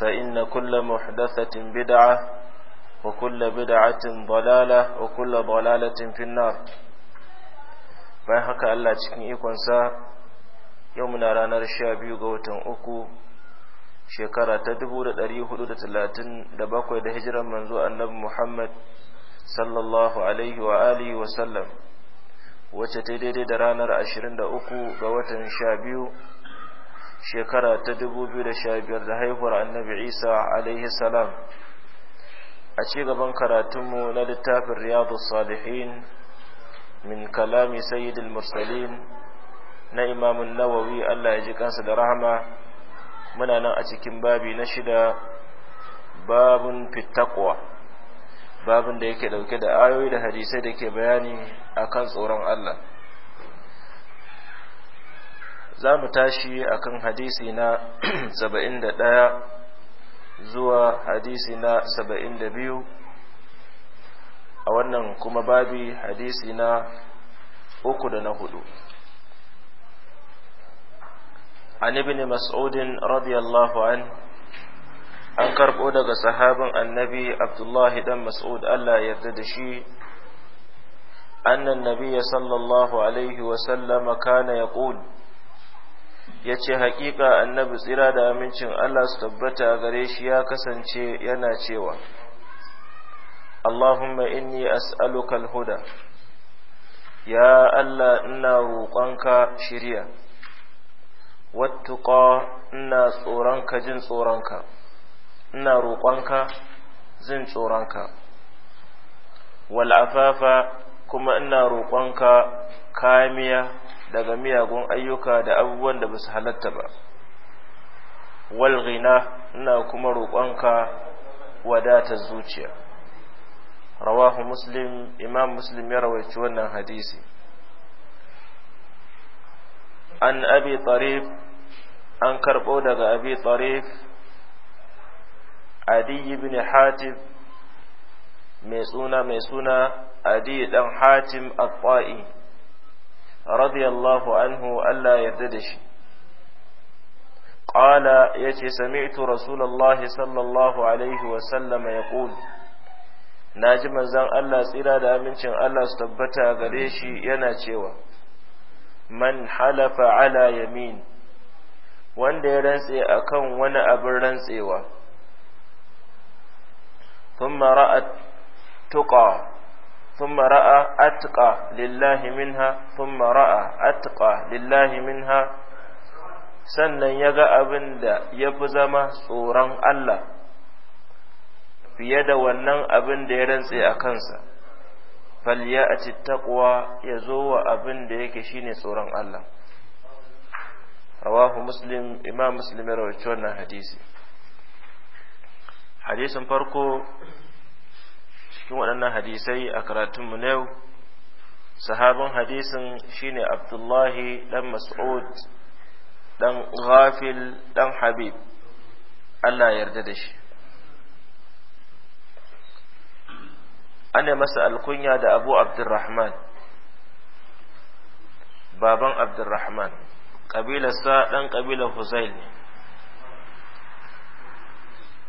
فإن كل محدثة بدعة وكل بدعة ضلالة وكل ضلالة في النار bayan haka Allah cikin ikonsa yau muna ranar 12 ga watan uku shekara ta 1437 da hijiran manzo annabi Muhammad sallallahu alaihi wa wa sallam wacce ta daidai da ranar 23 ga watan shekara ta 2015 da haihuwar annabi isa alaihi salam a cigaban karatunmu na littafin riyadu salihin min kalami sayyidul mursalin na imamun nawawi allah ya ji kansa da rahama muna nan a cikin babi na shida babun fitakwa babin da yake dauke da ayoyi da hadisai da ke bayani akan tsoron allah za mu tashi a kan hadisi na 71 zuwa hadisi na 72 a wannan kuma babi hadisi na uku da na hudu an ibn mas'udin radiyallahu an an karɓo daga sahabin annabi abdullahi dan mas'ud Allah yarda da shi annan nabiya sallallahu alaihi wasallama kana ya ƙuli ya ce haƙiƙa annabi tsira da amincin Allah su tabbata gare shi ya kasance yana cewa Allahumma inni as'aluka al-huda ya Allah ina roƙonka shirya wattuqa ina tsoronka jin tsoronka ina roƙonka jin tsoronka wal afafa kuma ina roƙonka kamiya daga miyagun ayyuka da abubuwan da basu halatta ba wal ghina ina kuma roƙonka wadata zuciya rawahu muslim imam muslim ya rawaici wannan hadisi an abi tarif an karɓo daga abi tarif adi ibn hatim mai suna mai suna adi dan hatim a tai radiyallahu anhu Allah yarda da shi qala yace sami'tu rasulullahi sallallahu alaihi wa sallama yaqul naji manzon Allah tsira da amincin Allah su tabbata gare shi yana cewa man halafa ala yamin wanda ya rantse akan wani abin rantsewa thumma ra'at tuqa ثم رأى أتقى لله منها ثم رأى أتقى لله منها sannan ya ga abin da ya fi zama tsoron Allah fiye da wannan abin da ya rantse a kansa falya a taqwa ya zo wa abin da yake shine tsoron Allah rawahu muslim imam muslim ya rawaci wannan hadisi hadisin farko cikin waɗannan hadisai a karatunmu na yau sahabin hadisin shine abdullahi ɗan mas'ud ɗan ghafil ɗan habib Allah yarda da shi ana masa alkunya da abu abdurrahman baban abdurrahman ƙabilarsa ɗan ƙabilar huzail ne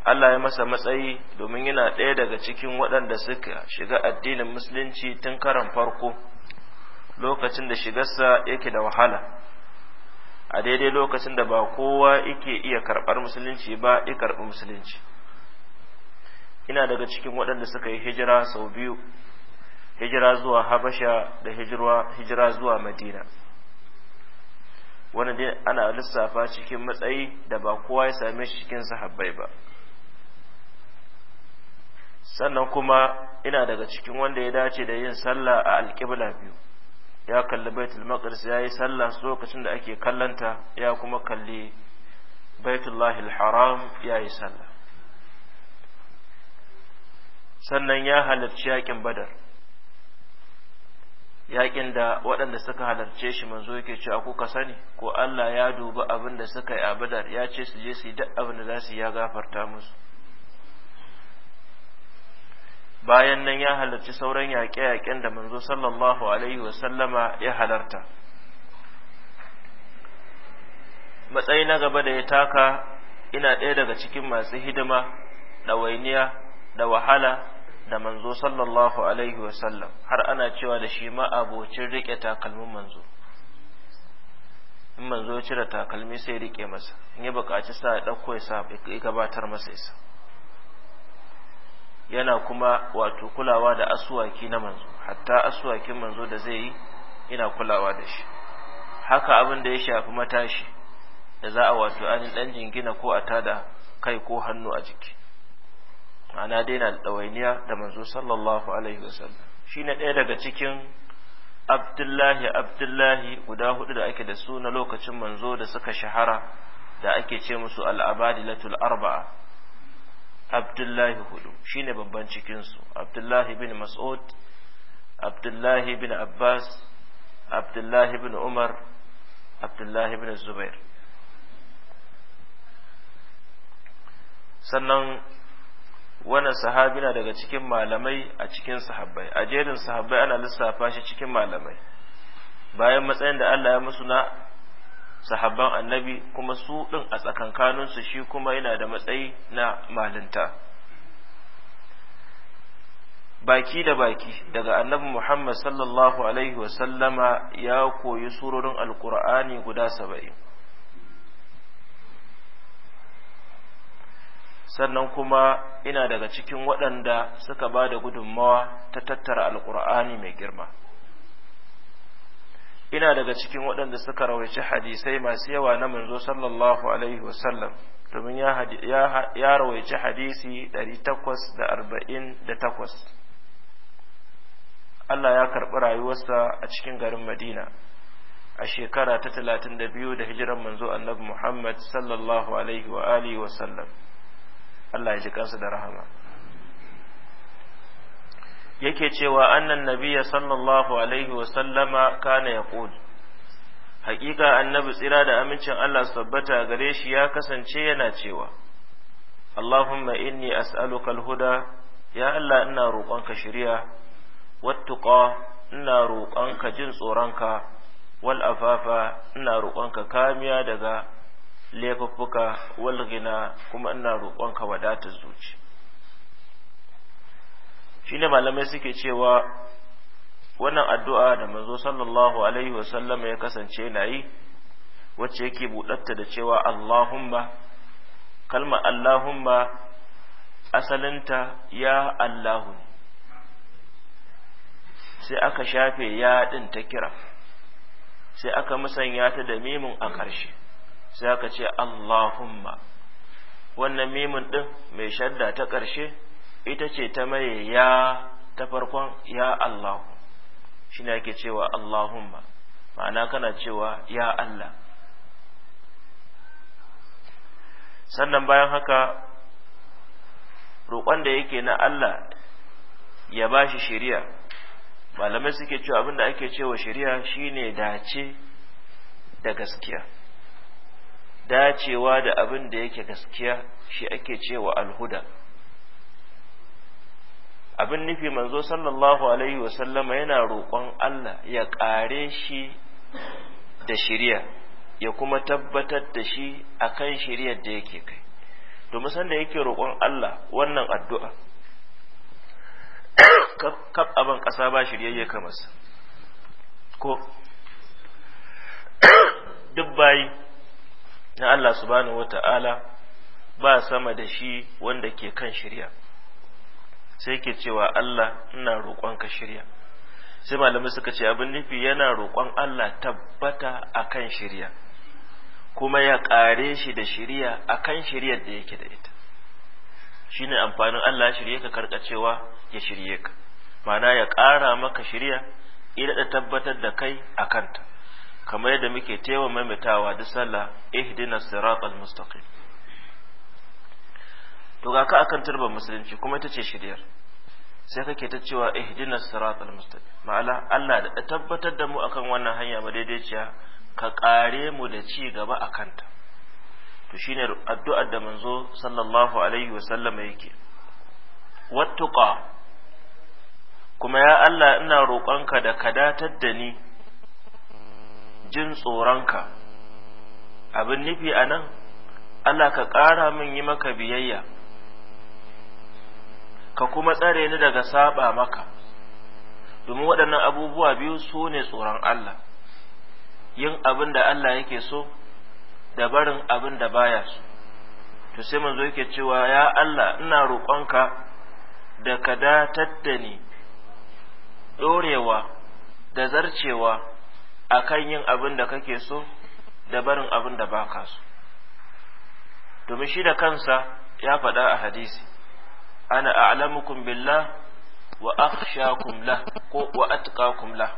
Allah ya masa matsayi domin yana ɗaya daga cikin waɗanda suka shiga addinin musulunci tun karan farko lokacin da shigarsa yake da wahala a daidai lokacin da ba kowa yake iya karɓar musulunci ba ya karɓi musulunci ina daga cikin waɗanda suka yi hijira sau biyu hijira zuwa habasha da hijira zuwa madina wani dai ana lissafa cikin matsayi da ba kowa ya same shi cikin sahabbai ba sannan kuma ina daga cikin wanda ya dace da yin sallah a alƙibla biyu ya kalli baitul maqdis ya yi sallah lokacin da ake kallanta ya kuma kalli baitullahi haram ya yi sallah sannan ya halarci yakin badar yakin da waɗanda suka halarce shi manzo yake cewa kuka sani ko Allah ya dubi abin da suka yi a badar ya ce su je su yi duk abin da za su yi ya gafarta musu bayan nan ya halarci sauran yaƙe-yaƙen da manzo sallallahu alaihi sallama ya halarta matsayi na gaba da ya taka ina ɗaya daga cikin masu hidima wainiya da wahala da manzo sallallahu alaihi sallam har ana cewa da shi ma abocin riƙe takalmin manzo in manzo ya cire takalmi sai riƙe masa in ya buƙaci sa ya ɗauko ya gabatar masa isa yana kuma wato kulawa da asuwaki na manzo hatta asuwakin manzo da zai yi ina kulawa da shi haka abin da ya shafi matashi da za a wato an dan jingina ko a tada kai ko hannu a jiki ana daina dawainiya da manzo sallallahu alaihi wasallam shi ɗaya daga cikin abdullahi abdullahi guda hudu da ake da su na lokacin manzo da suka shahara da ake ce musu al'abadilatul arba'a abdullahi hudu shi ne babban cikinsu abdullahi bin mas'ud abdullahi bin abbas abdullahi bin umar abdullahi bin zubair sannan wani sahabi na daga cikin malamai a cikin sahabbai a jerin sahabbai ana lissafa shi cikin malamai bayan matsayin da Allah ya musu na sahabban annabi kuma su ɗin a tsakankaninsu shi kuma yana da matsayi na malinta baki da baki daga annabi muhammad sallallahu alaihi wasallama ya koyi surorin alkur'ani guda saba'in sannan kuma ina daga cikin waɗanda suka ba da gudunmawa ta tattara alkur'ani mai girma ina daga cikin waɗanda suka rawaici hadisai masu yawa na manzo sallallahu alaihi wasallam domin ya rawaici hadisi 848 Allah ya karɓi rayuwarsa a cikin garin Madina a shekara ta 32 da hijiran manzo annabi Muhammad sallallahu alaihi wa alihi wasallam Allah ya ji kansa da rahama yake cewa annan nabiya sallallahu alaihi wasallama kana ya ƙuli haƙiƙa annabi tsira da amincin Allah su tabbata gare shi ya kasance yana cewa Allahumma inni as'aluka alhuda ya Allah ina roƙonka shari'a wattuqa ina roƙonka jin tsoronka wal afafa ina roƙonka kamiya daga laifuffuka wal ghina kuma ina roƙonka wadatar zuci shine malamai suke cewa wannan addu'a da manzo sallallahu alaihi wasallam ya kasance na yi wacce yake buɗatta da cewa Allahumma kalma Allahumma asalinta ya Allahu sai aka shafe ya ɗin ta kira sai aka musanya ta da mimin a ƙarshe sai aka ce Allahumma wannan mimin ɗin mai shadda ta ƙarshe ita ce ta maye ya ta farkon ya Allah shi ne ake cewa Allahumma ma'ana kana cewa ya Allah sannan bayan haka roƙon da yake na Allah ya ba shi shari'a malamai suke cewa abinda ake cewa shari'a shine dace da gaskiya dacewa da abin da yake gaskiya shi ake cewa alhuda abin nufi manzo sallallahu alaihi wasallama yana roƙon Allah ya ƙare shi da shirya ya kuma tabbatar da shi akan shiryar da yake kai domin sanda yake roƙon Allah wannan addu'a kaf abin ƙasa ba shiryayye sa ko duk bayi na Allah subhanahu wata'ala ba sama da shi wanda ke kan shirya sai ke cewa Allah ina roƙon ka shirya sai malamai suka ce abin nufi yana roƙon Allah tabbata akan shirya kuma ya ƙare shi da shirya akan shiryar da yake da ita shine amfanin Allah shirye ka karkacewa ya shirye ka mana ya ƙara maka shirya ina da tabbatar da kai akanta kamar yadda muke tewa maimaitawa da sallah ihdina siratal mustaqim to ga ka akan turban musulunci kuma ita ce shiryar sai kake ta cewa ihdina siratal mustaqim ma'ala Allah da tabbatar da mu akan wannan hanya ba daidaiciya ka kare mu da ci gaba akan ta to shine addu'ar da manzo sallallahu alaihi wa sallama yake wattuqa kuma ya Allah ina roƙonka da ka datar da ni jin tsoronka abin nufi anan Allah ka ƙara min yi maka biyayya ka kuma tsare ni daga saba maka domin waɗannan abubuwa biyu su ne tsoron Allah yin abin da Allah yake so da barin abin da baya su, to sai zo yake cewa ya Allah ina roƙonka da ka datar da ni ɗorewa da zarcewa akan yin abin da kake so da barin abin da baka so domin shi da kansa ya faɗa a hadisi ana a'lamukum billah wa akhshakum lah ko wa atqakum lah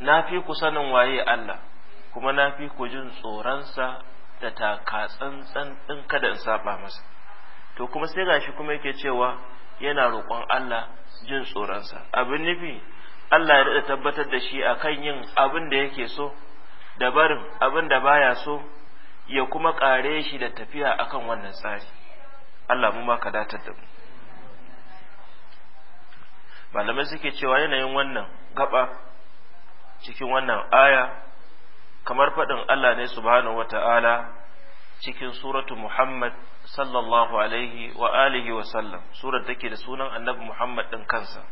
na fi ku sanin waye Allah kuma na fi ku jin tsoronsa da takatsantsan din kada in saba masa to kuma sai gashi kuma yake cewa yana roƙon Allah jin tsoronsa abin nufi Allah ya daɗa tabbatar da shi akan yin abin da yake so da barin abin da baya so ya kuma kare shi da tafiya akan wannan tsari Allah mu ma ka datar da mu malamai suke cewa yanayin wannan gaba cikin wannan aya kamar faɗin Allah ne subhanahu wata'ala cikin suratu Muhammad sallallahu alaihi wa alihi wa sallam surar take da sunan annabi Muhammad ɗin kansa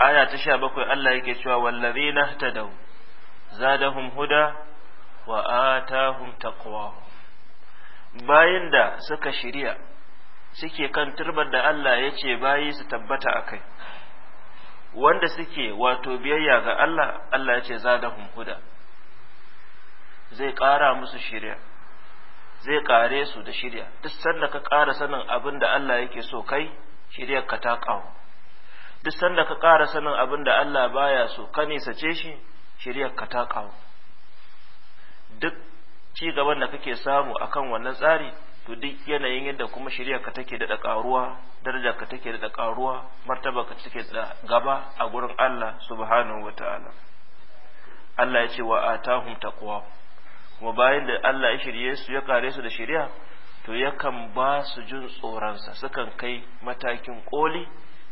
aya ta sha bakwai Allah yake cewa wallazina tadaw zadahum huda wa atahum taqwahum bayan da suka shirya suke kan turbar da Allah ya ce bayi su tabbata a kai wanda suke wato biyayya ga Allah Allah ya ce za da huda zai ƙara musu shirya zai ƙare su da shirya duk sanda ka ƙara sanin abin da Allah yake so kai shiryar ka ta ƙawo duk sanda ka ƙara sanin abin da Allah baya so ka nisace shi shiryar ka ta ƙawo ci gaban da kake samu akan wannan tsari to duk yanayin yadda kuma shari'a ka take da karuwa daraja ka take da karuwa martaba ka take da gaba a gurin Allah subhanahu wataala Allah ya ce wa atahum taqwa kuma bayan da Allah ya shirye su ya kare su da shari'a to yakan ba su jin tsoronsa sukan kai matakin koli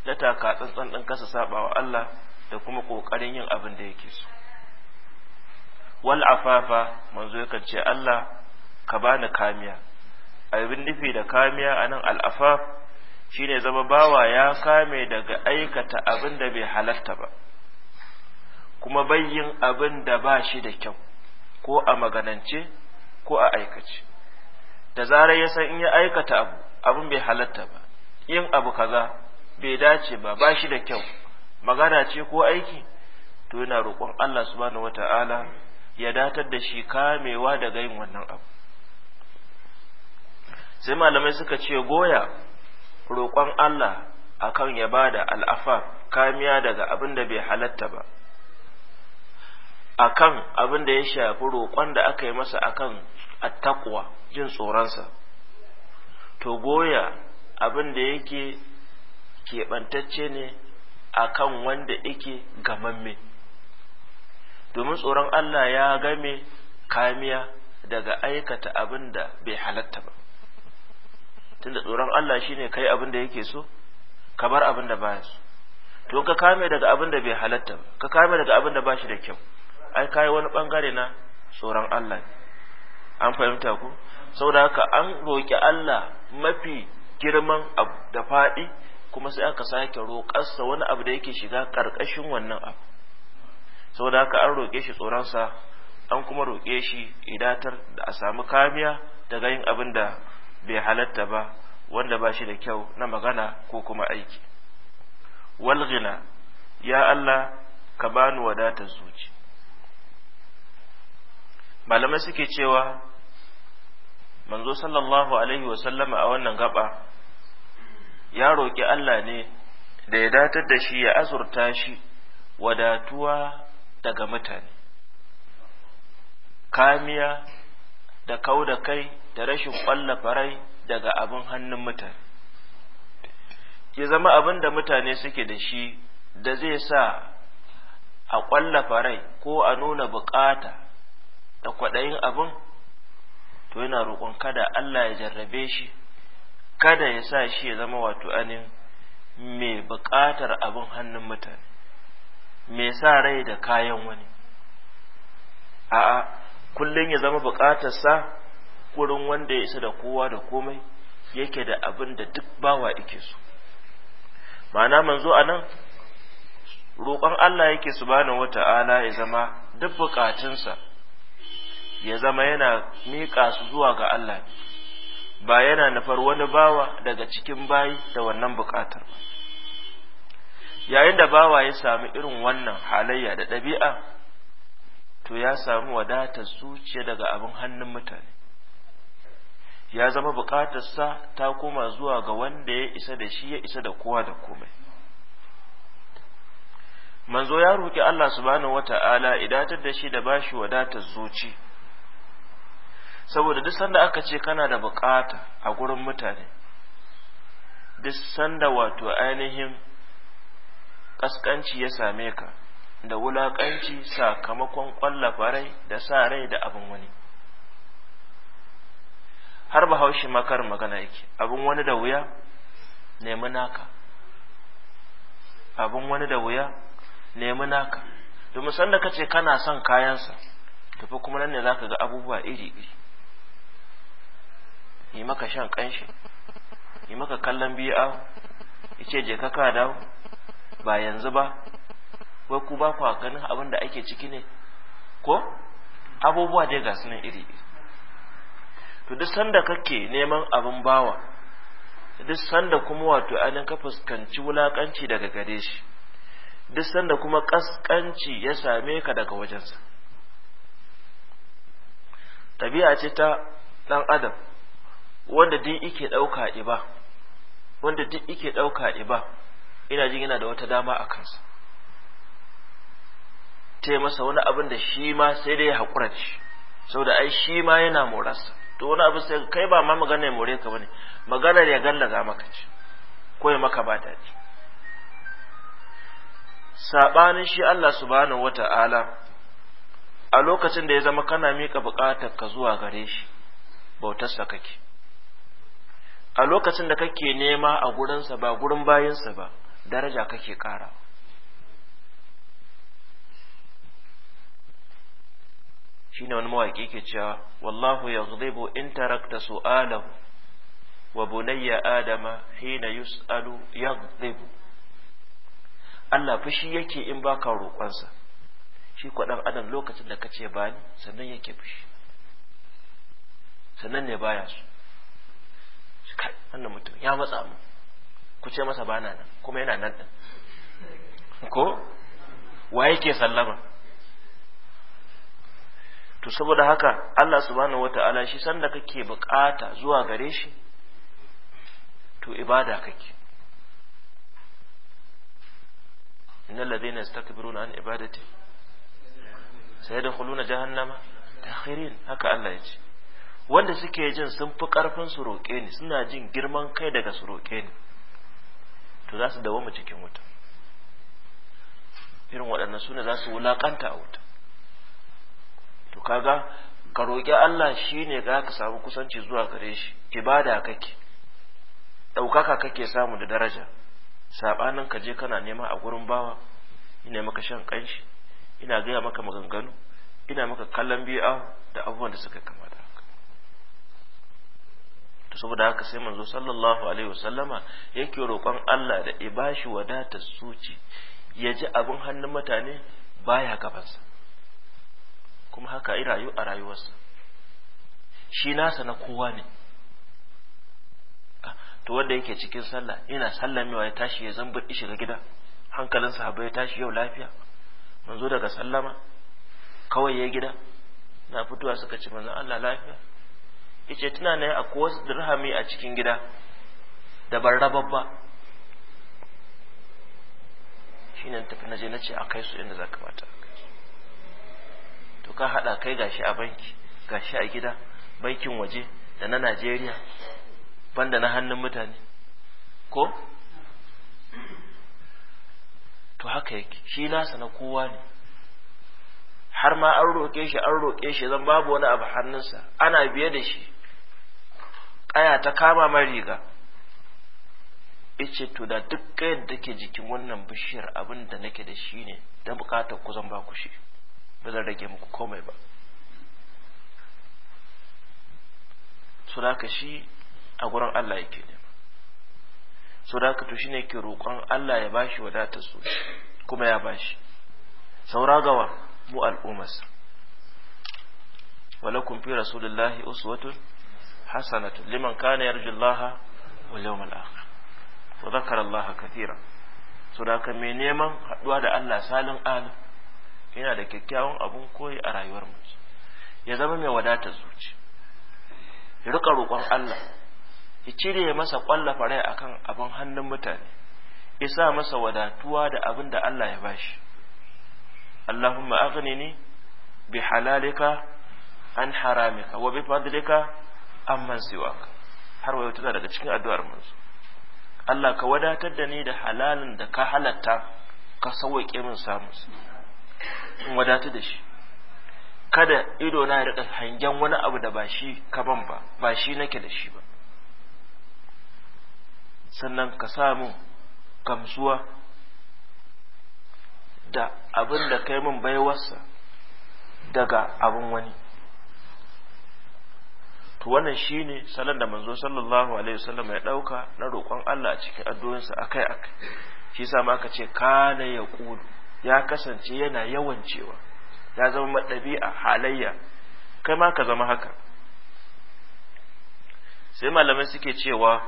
na taka tsantsan ɗin kasa sabawa Allah da kuma ƙoƙarin yin abin da yake so wal afafa manzo yakan ce Allah ka bani kamiya abin nufi da kamiya anan al afaf shine zama bawa ya kame daga aikata abin da bai halatta ba kuma bayyin abin da ba shi da kyau ko a maganance ko a aikace da zarar ya san in ya aikata abu abin bai halarta ba yin abu kaza bai dace ba ba shi da kyau magana ce ko aiki to yana roƙon Allah subhanahu wata'ala ya datar da shi kamewa daga yin wannan abu sai malamai suka ce goya roƙon Allah akan ya ba da al'afar kamiya daga abin da bai halatta ba akan abin da ya shafi roƙon da aka yi masa akan attaƙwa jin tsoronsa to goya abin da yake keɓantacce ne akan wanda yake gamamme domin tsoron Allah ya game kamiya daga aikata abin da bai halatta ba tunda tsoron Allah shine kai abin da yake so ka bar abin da baya so to ka kame daga abin da bai halatta ba ka kame daga abin da bashi da kyau ai kai wani bangare na tsoron Allah an fahimta ku saboda haka an roki Allah mafi girman abu da faɗi kuma sai aka sake roƙarsa wani abu da yake shiga ƙarƙashin wannan abu saboda haka an roƙe shi tsoronsa an kuma roƙe shi idatar da a samu kamiya daga yin abin da bai halatta ba wanda ba shi da kyau na magana ko kuma aiki walghina ya Allah ka bani wadatar zuci malamai suke cewa manzo sallallahu alaihi wasallama a wannan gaba ya roƙi Allah ne da ya datar da shi ya azurta shi wadatuwa daga mutane kamiya da kau da kai da rashin kwalla farai daga abin hannun mutane ya zama abin da mutane suke da shi da zai sa a kwalla farai ko a nuna bukata da kwaɗayin abin to yana roƙon kada Allah ya jarrabe shi kada ya sa shi ya zama wato anin mai buƙatar abin hannun mutane me sa rai da kayan wani a'a kullum ya zama sa kurin wanda ya isa da kowa da komai yake da abin da duk bawa yake so ma'ana manzo a nan roƙon Allah yake subhanahu wata'ala ya zama duk bukatunsa ya zama yana miƙa su zuwa ga Allah ba yana nufar wani bawa daga cikin bayi da wannan buƙatar ba yayin da bawa ya sami irin wannan halayya da ɗabi'a to ya samu wadatar zuciya daga abin hannun mutane ya zama buƙatarsa ta koma zuwa ga wanda ya isa da shi ya isa da kowa da komai manzo ya roƙi Allah subhanahu wata'ala idatar da shi da bashi wadatar zuci saboda duk sanda aka ce kana da bukata a gurin mutane duk sanda wato ainihin Ƙasƙanci ya same ka da wulaƙanci sakamakon ƙwallafa rai da sa rai da abin wani har haushi makar magana yake abin wani da wuya nemi naka abin wani da wuya nemi naka domin sanda ka ce kana son kayansa tafi kuma nan ne za ka ga abubuwa iri-iri yi maka shan kanshi yi maka kallon biya ce je ka ka dawo ba yanzu ba wai ku ba ku ganin abin da ake ciki ne ko abubuwa dai ga sunan iri to duk sanda kake neman abin bawa duk sanda kuma wato ainihin ka fuskanci wulakanci daga gare shi duk sanda kuma kaskanci ya same ka daga wajensa tabi'a ce ta dan adam wanda duk yake dauka iba wanda duk yake dauka iba ina jin yana da wata dama a kansa ta masa wani abin da shi ma sai dai ya haƙura da shi saboda ai shi ma yana morarsa to wani abu sai kai ba ma magana ya more ka bane maganar ya gallaza maka ce ko ya maka ba daɗi sabanin shi Allah subhanahu wata'ala a lokacin da ya zama kana miƙa buƙatar ka zuwa gare shi bautarsa kake a lokacin da kake nema a gurinsa ba gurin bayinsa ba daraja kake ƙara shine wani mawaƙi ke cewa wallahu yaghdibu in tarakta su'alahu wa bunayya adama hina yus'alu yaghdibu Allah fushi yake in baka roƙonsa shi kwaɗan adam lokacin da kace bani sannan yake fushi sannan ne baya su kai wannan mutum ya matsa mu ku ce masa bana nan kuma yana nan din ko wa yake sallama to saboda haka Allah subhanahu wata'ala shi sanda kake bukata zuwa gare shi to ibada kake innal ladhina yastakbiruna an ibadati sayadkhuluna jahannama takhirin haka Allah ya wanda suke jin sun fi karfin su roƙe ni suna jin girman kai daga su roƙe ni to za su mu cikin wuta irin waɗannan suna za su wulaƙanta a wuta to kaga ka roƙi Allah shi ne ga ka samu kusanci zuwa gare shi ibada kake ɗaukaka kake samu da daraja saɓanin ka je kana nema a gurin bawa ina maka shan kanshi ina gaya maka maganganu ina maka kallon bi'a da abubuwan da suka kamata to saboda haka sai manzo sallallahu alaihi wasallama yake roƙon Allah da ya bashi wadatar zuci ya ji abin hannun mutane baya gabansa kuma haka ai rayu a rayuwarsa shi nasa na kowa ne ah, to wanda yake cikin sallah ina sallamewa ya tashi ya zambar shiga gida hankalin sahaba ya tashi yau lafiya manzo daga sallama kawai ya gida na fitowa suka ci manzon Allah lafiya yace tuna ne a wasu dirhami a cikin gida da ban rabar ba ne tafi naje nace a kai su inda zaka bata to ka hada kai gashi a banki gashi a gida bankin waje da na Najeriya banda na hannun mutane ko to haka yake shi nasa na kowa ne har ma an roƙe shi an roƙe shi zan babu wani abu hannunsa ana biye da shi ƙaya ta kama mai riga ice to da duk yadda da ke jikin wannan bishiyar abin da nake da shi ne don bukatar ku zan ba ku shi ba zan rage muku komai ba so da shi a gurin Allah yake ne so da to shine ke roƙon Allah ya bashi wadatar su kuma ya bashi saura gawa mu al'ummas walakum fi rasulillahi uswatun hasanatu liman kana yarjullaha wal yawmal akhir wa dhakara Allah kathira so da ka mai neman haduwa da Allah salin alim Ina da kyakkyawan abun koyi a rayuwar mu ya zama mai wadatar zuci ya rika roƙon Allah ya cire masa ƙwallafa rai akan abin hannun mutane ya sa masa wadatuwa da abin da Allah ya bashi Allahumma aghnini bi halalika an haramika wa bi fadlika amman siwak har wayo tana daga cikin addu'ar manzo Allah ka wadatar da ni da halalin da ka halatta ka sauke min samu in wadatar da shi kada ido na rika hangen wani abu da ba shi ka ban ba ba shi nake da shi ba sannan ka samu gamsuwa da abin da kai min baiwarsa daga abin wani to wannan shine salon da manzo sallallahu alaihi wasallam ya dauka na roƙon Allah a cikin addu'o'insa akai akai shi yasa ma aka ce kana ya qulu ya kasance yana yawan cewa ya zama ɗabi'a halayya kai ma ka zama haka sai malamai suke cewa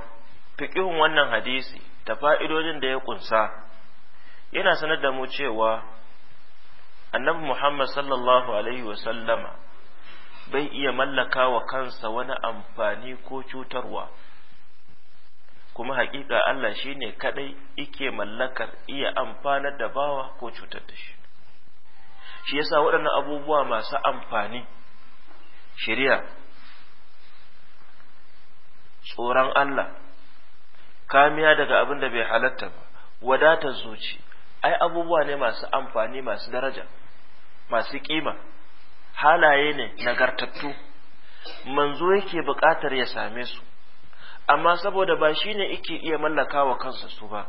fiƙihun wannan hadisi da fa'idodin da ya kunsa yana sanar da mu cewa annabi Muhammad sallallahu alaihi wa bai iya mallaka wa kansa wani amfani ko cutarwa kuma hakika Allah shi ne kaɗai ike mallakar iya amfanar da bawa ko cutar da shi shi yasa waɗannan abubuwa masu amfani shirya tsoron Allah kamiya daga abin da bai halatta ba wadatar zuci ai abubuwa ne masu amfani masu daraja masu kima halaye ne nagartattu manzo yake buƙatar ya same su amma saboda ba shi ne yake iya mallaka wa kansa su ba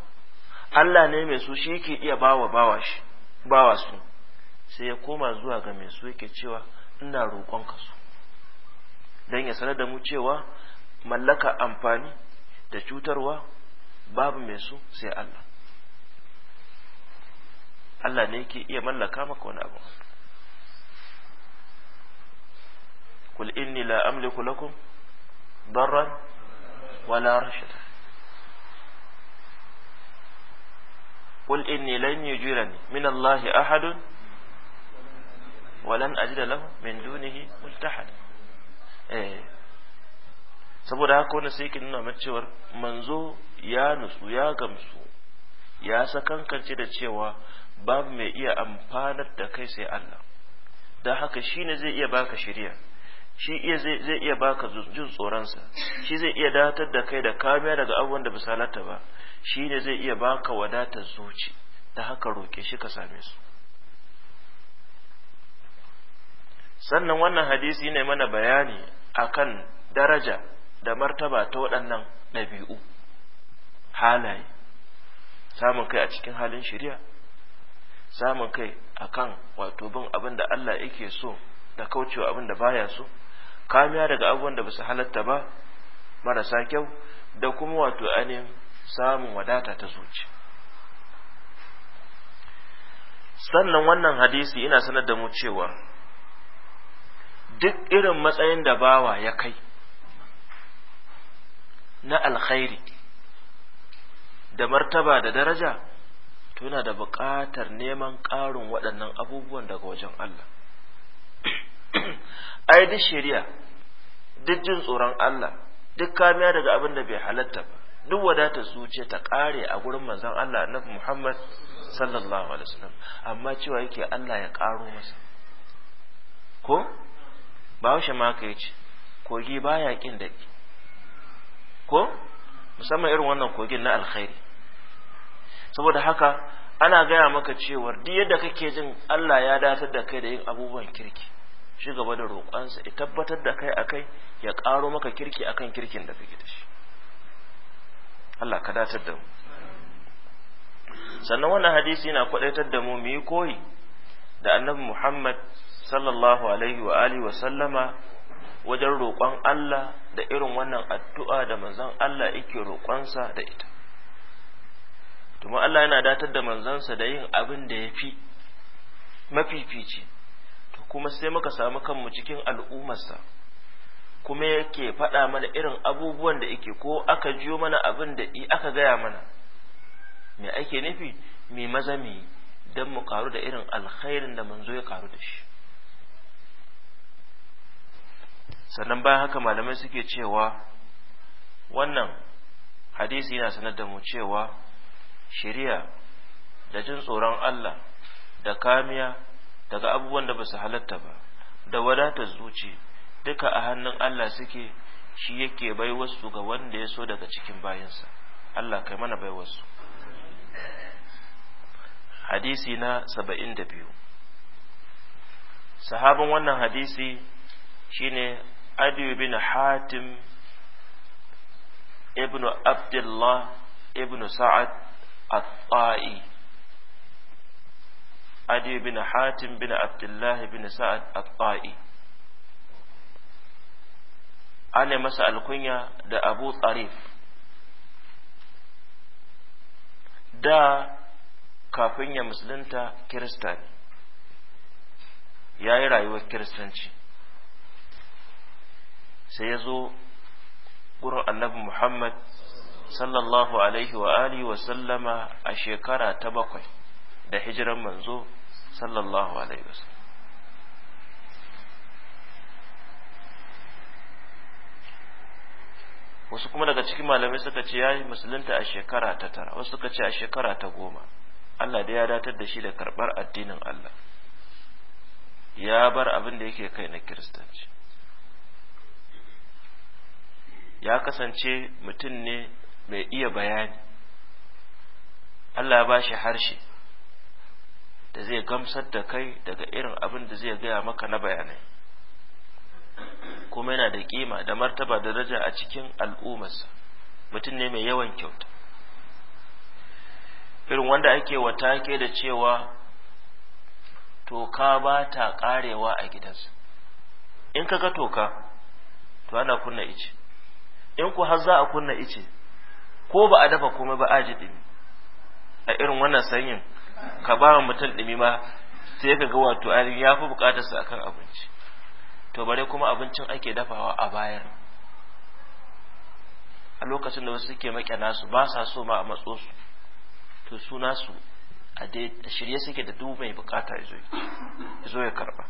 Allah ne mai su shi yake iya bawa bawa shi bawa su sai ya koma zuwa ga mai su yake cewa ina roƙonka su don ya sanar da mu cewa mallaka amfani da cutarwa babu mai su sai Allah Allah ne yake iya mallaka maka wani abu kul inni la amliku lakum darran wala rashada kul inni lan yujirani min Allahi ahadun walan ajida lahu min dunihi multahad eh saboda haka wani sai yake nuna mana cewa manzo ya nutsu ya gamsu ya sakankance da cewa babu mai iya amfanar da kai sai Allah don haka shine zai iya baka shirya shi iya zai iya baka jin tsoronsa shi zai iya datar da kai da kamiya daga abubuwan da bisalata ba shi ne zai iya baka wadatar zuci da haka roƙe shi ka same su sannan wannan hadisi ne mana bayani akan daraja da martaba ta waɗannan ɗabi'u halaye samun kai a cikin halin shirya samun kai akan wato bin abinda da Allah yake so da kaucewa abin da baya so kamiya daga abubuwan da basu halatta ba marasa kyau da kuma wato ainihin samun wadata ta zuci sannan wannan hadisi ina sanar da mu cewa duk irin matsayin da bawa ya kai na alkhairi da martaba da daraja tuna da buƙatar neman ƙarin waɗannan abubuwan daga wajen Allah ai duk shari'a duk jin tsoron Allah duk kamiya daga abin da bai halatta ba duk wadata zuciya ta kare a gurin manzon Allah annabi Muhammad sallallahu alaihi wasallam amma cewa yake Allah ya karo masa ko ba washe ma ka yace kogi baya kin daki ko musamman irin wannan kogin na alkhairi saboda haka ana gaya maka cewa duk yadda kake jin Allah ya datar da kai da yin abubuwan kirki shi gaba da roƙonsa ya tabbatar da kai akai ya ƙaro maka kirki akan kirkin da kake da shi Allah ka datar da mu sannan wannan hadisi yana kwadaitar da mu mu yi koyi da annabi Muhammad sallallahu alaihi wa alihi wa sallama wajen roƙon Allah da irin wannan addu'a da manzon Allah yake roƙonsa da ita kuma Allah yana datar da manzansa da yin abin da ya fi mafifici kuma sai muka samu kanmu cikin al'ummarsa kuma yake faɗa mana irin abubuwan da yake ko aka jiyo mana abin da yi aka gaya mana me ake nufi me maza me don mu karu da irin alkhairin da manzo ya karu da shi sannan bayan haka malamai suke cewa wannan hadisi yana sanar da mu cewa shari'a da jin tsoron Allah da kamiya daga abubuwan da ba su halatta ba da wadatar zuci duka a hannun Allah suke shi yake bai wasu ga wanda ya so daga cikin bayansa Allah kai mana bai wasu hadisi na saba'in da biyu sahabin wannan hadisi shine adiyu bin hatim ibnu abdullah ibnu sa'ad at-ta'i adi bin hatim bin abdullahi bin sa'ad at-ta'i ana masa alkunya da abu tsarif da kafin ya musulunta kirista ya yi rayuwar kiristanci sai ya zo gurin annabi muhammad sallallahu alaihi wa wa sallama a shekara ta bakwai da hijiran manzo sallallahu alaihi wasallam wasu kuma daga cikin malamai suka ce ya musulunta a shekara ta tara wasu suka ce a shekara ta goma Allah da ya datar da shi da karɓar addinin Allah ya bar abin da yake kai na kiristanci ya kasance mutum ne mai iya bayani Allah ya ba shi harshe da zai gamsar da kai daga irin abin da zai gaya maka na bayanai kuma yana da kima da martaba da daraja a cikin al'ummarsa mutum ne mai yawan kyauta irin wanda ake take da cewa toka ba ta karewa a gidansa in ka ga toka to ana kunna ice in ku har za a kunna ice ko ba a dafa komai ba a ji a irin wannan sanyin ka ba mutum ɗumi ma sai ka ga wato ainihin ya fi buƙatarsa akan abinci to bare kuma abincin ake dafawa a bayar a lokacin da wasu suke maƙya nasu ba sa so ma a matso su to su nasu a shirye suke da duk mai buƙata ya zo ya karɓa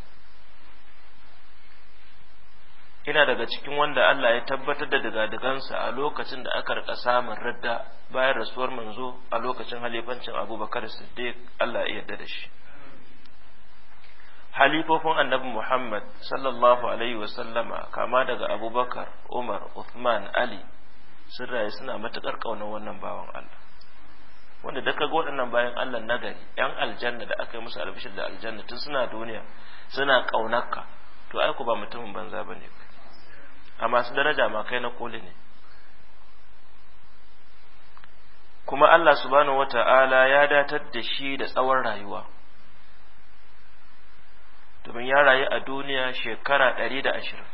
ina daga cikin wanda Allah ya tabbatar da dagadagansa a lokacin da aka rika samun radda bayan rasuwar manzo a lokacin halifancin abubakar siddiq Allah ya yarda da shi halifofin annabi muhammad sallallahu alaihi wasallama kama daga abubakar umar uthman ali sun rayu suna matuƙar ƙaunar wannan bawan Allah wanda da ka ga waɗannan bayan Allah nagari ‘yan aljanna da aka yi musu albishir da aljanna tun suna duniya suna ƙaunaka, to ai ku ba mutumin banza bane ne a masu daraja ma kai na koli ne kuma Allah subhanahu wata'ala ya datar da shi da tsawon rayuwa domin ya rayu a duniya shekara ɗari da ashirin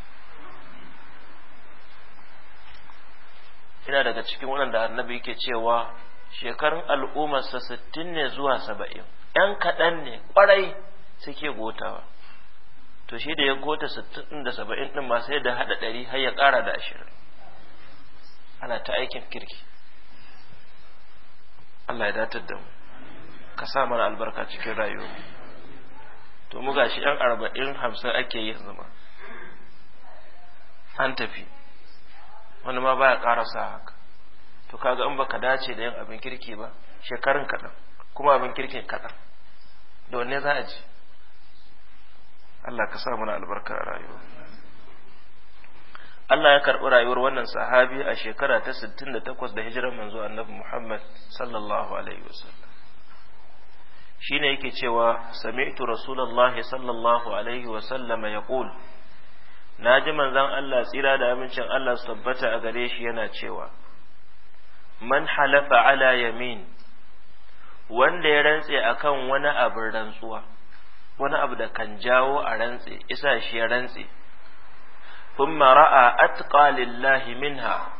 ina daga cikin waɗanda annabi yake cewa shekarun al'ummarsa sittin ne zuwa saba'in ‘yan kaɗan ne ƙwarai suke gotawa to shi da ya ta sittin da saba'in din ma sai da hada dari har ya kara da ashirin. ana ta aikin kirki Allah ya datar da mu ka sa mana albarka cikin rayuwa to mu shi yan arba'in hamsin ake yin zama an tafi wani ma baya sa haka to kaga in baka dace da yin abin kirki ba shekarun kaɗan kuma abin kirkin kaɗan da wanne za a ji Allah ka sa mana albarka a rayuwa Allah ya karɓi rayuwar wannan sahabi a shekara ta 68 da hijirar manzo annabi Muhammad sallallahu alaihi wasallam shine yake cewa sami'tu rasulullahi sallallahu alaihi wasallama yaqul na ji manzon Allah tsira da amincin Allah su tabbata a gare shi yana cewa man halafa ala yamin wanda ya rantse akan wani abin rantsuwa wani abu da kan jawo a rantse isa shi ya rantse kuma ra'a atqa lillahi minha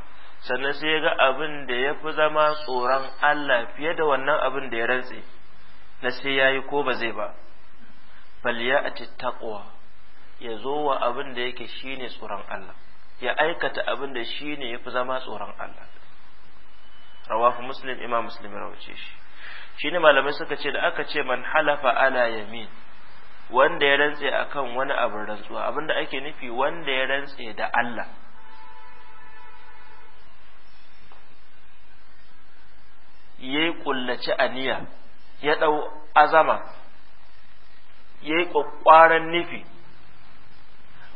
sannan sai ga abin da ya fi zama tsoron Allah fiye da wannan abin da ya rantse na sai ya yi ko ba zai ba balya a taqwa ya zo wa abin da yake shine tsoron Allah ya aikata abin da shine ya fi zama tsoron Allah rawahu muslim imam muslim rawace shi shine malamai suka ce da aka ce man halafa ala yamin wanda ya rantse akan wani abin rantsuwa abinda ake nufi wanda ya rantse da Allah ya yi kullace aniya ya ɗau azama ya yi nufi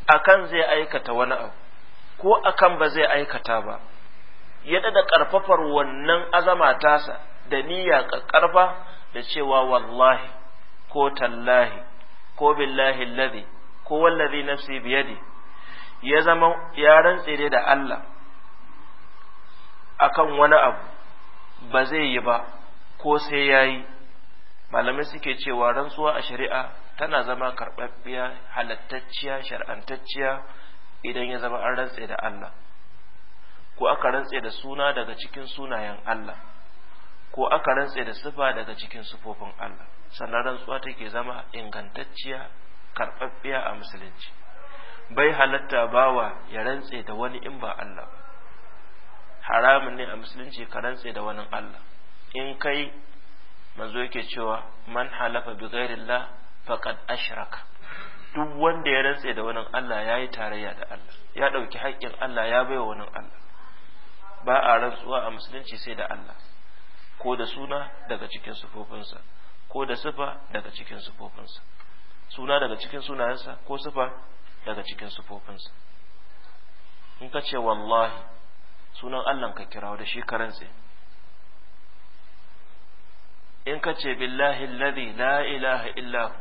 akan zai aikata wani abu ko akan ba zai aikata ba ya da ƙarfafar wannan azama tasa da niyya ƙarfa da cewa wallahi ko tallahi ko billahi ladi ko wallazi nafsi biyadi ya zama ya rantse da Allah akan wani abu ba zai yi ba ko sai yayi malamai suke cewa rantsuwa a shari'a tana zama karɓaɓɓiya halattacciya shar'antacciya idan ya zama an rantse da Allah ko aka rantse da suna daga cikin sunayen Allah ko aka rantse da sifa daga cikin sifofin Allah sannan rantsuwa take zama ingantacciya karɓaɓɓiya a musulunci bai halatta bawa ya rantse da wani in ba Allah haramun ne a musulunci ka rantse da wani Allah in kai manzo yake cewa man halafa bi ghairillah faqad ashraka duk wanda ya rantse da wani Allah yayi tarayya da Allah ya dauki haƙƙin Allah ya baiwa wani Allah ba a rantsuwa a musulunci sai da Allah ko da suna daga cikin sufofinsa ko da sifa daga cikin sifofinsa suna daga cikin sunayensa ko sifa daga cikin sifofinsa in ka ce wallahi sunan Allah ka kira da shi karantse in ka ce billahi alladhi la ilaha illahu,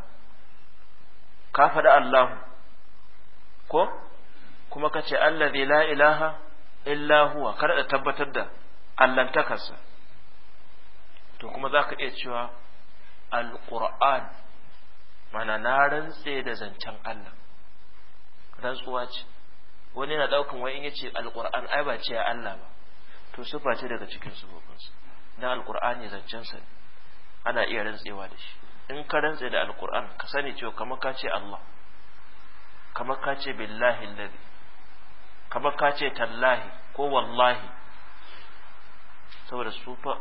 ka faɗi Allahu, ko kuma ka ce alladhi la ilaha illahu huwa kar da tabbatar da allantakarsa to kuma za ka iya cewa alƙur'an mana na rantse da zancen Allah rantsuwa ce wani na ɗaukan wani in yace aluran ai ba ce Allah ba to su ce daga cikin sufofinsa na alƙur'ani zancensa ne ana iya rantsewa da shi in ka rantse da alƙur'an ka sani cewa kamar ka ce Allah kamar ka ce billahi alladhi kamar ka ce tallahi ko wallahi saboda